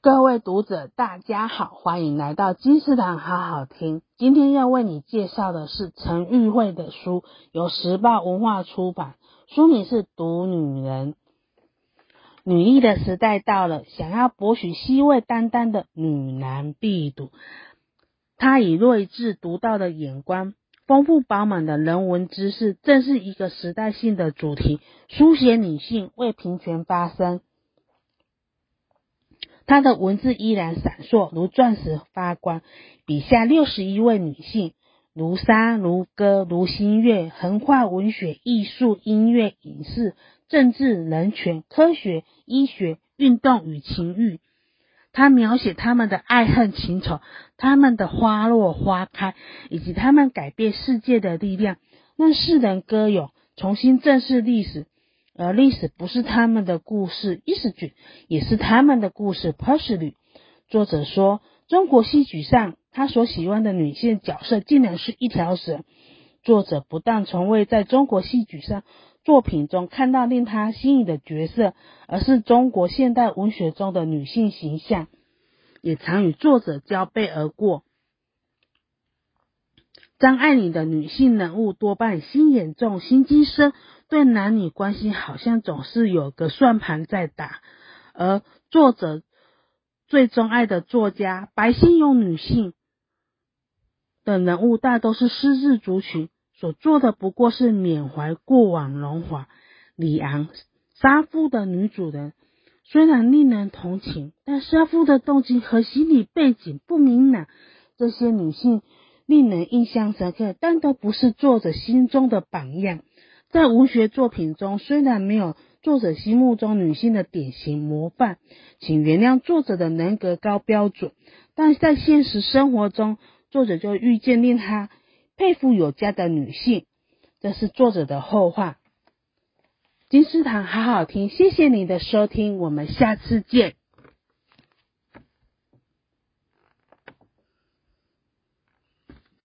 各位讀者，大家好，歡迎來到金石堂好好聽。今天要為你介紹的是陳玉慧的書，由時報文化出版，書名是《讀女人》，女力的時代到了，想要博取席位，單單的女男必讀。她以睿智獨到的眼光，豐富飽滿的人文知識，正視一個時代性的主題，書寫女性，為平權發聲。她的文字依然閃爍如鑽石發光，筆下六十一位女性如沙如歌如星月，橫跨文學、藝術、音樂、影視、政治、人權、科學、醫學、運動與情慾。她描寫她們的愛恨情仇，她們的花落花開，以及他們改變世界的力量，讓世人歌詠，重新正視歷史。而歷史不是他們的故事 history，也是他們的故事 personally。作者說，中國戲曲上他所喜歡的女性角色，竟然是一條蛇。作者不但從未在中國戲曲上作品中看到令他心儀的角色，而是中國現代文學中的女性形象，也常與作者交臂而過。張愛玲的女性人物多半心眼重、心機深，對男女關係好像總是有個算盤在打。而作者最鍾愛的作家白先勇，女性的人物，大都是失志族群，所做的不過是緬懷過往榮華。李昂殺夫的女主人雖然令人同情，但殺夫的動機和心理背景不明朗。這些女性，令人印象深刻，但都不是作者心中的榜樣。在文學作品中，雖然沒有作者心目中女性的典型模範，請原諒作者的人格高標準。但在現實生活中，作者就遇見令他佩服有加的女性，這是作者的後話。金石堂，好好聽，謝謝你的收聽，我們下次見。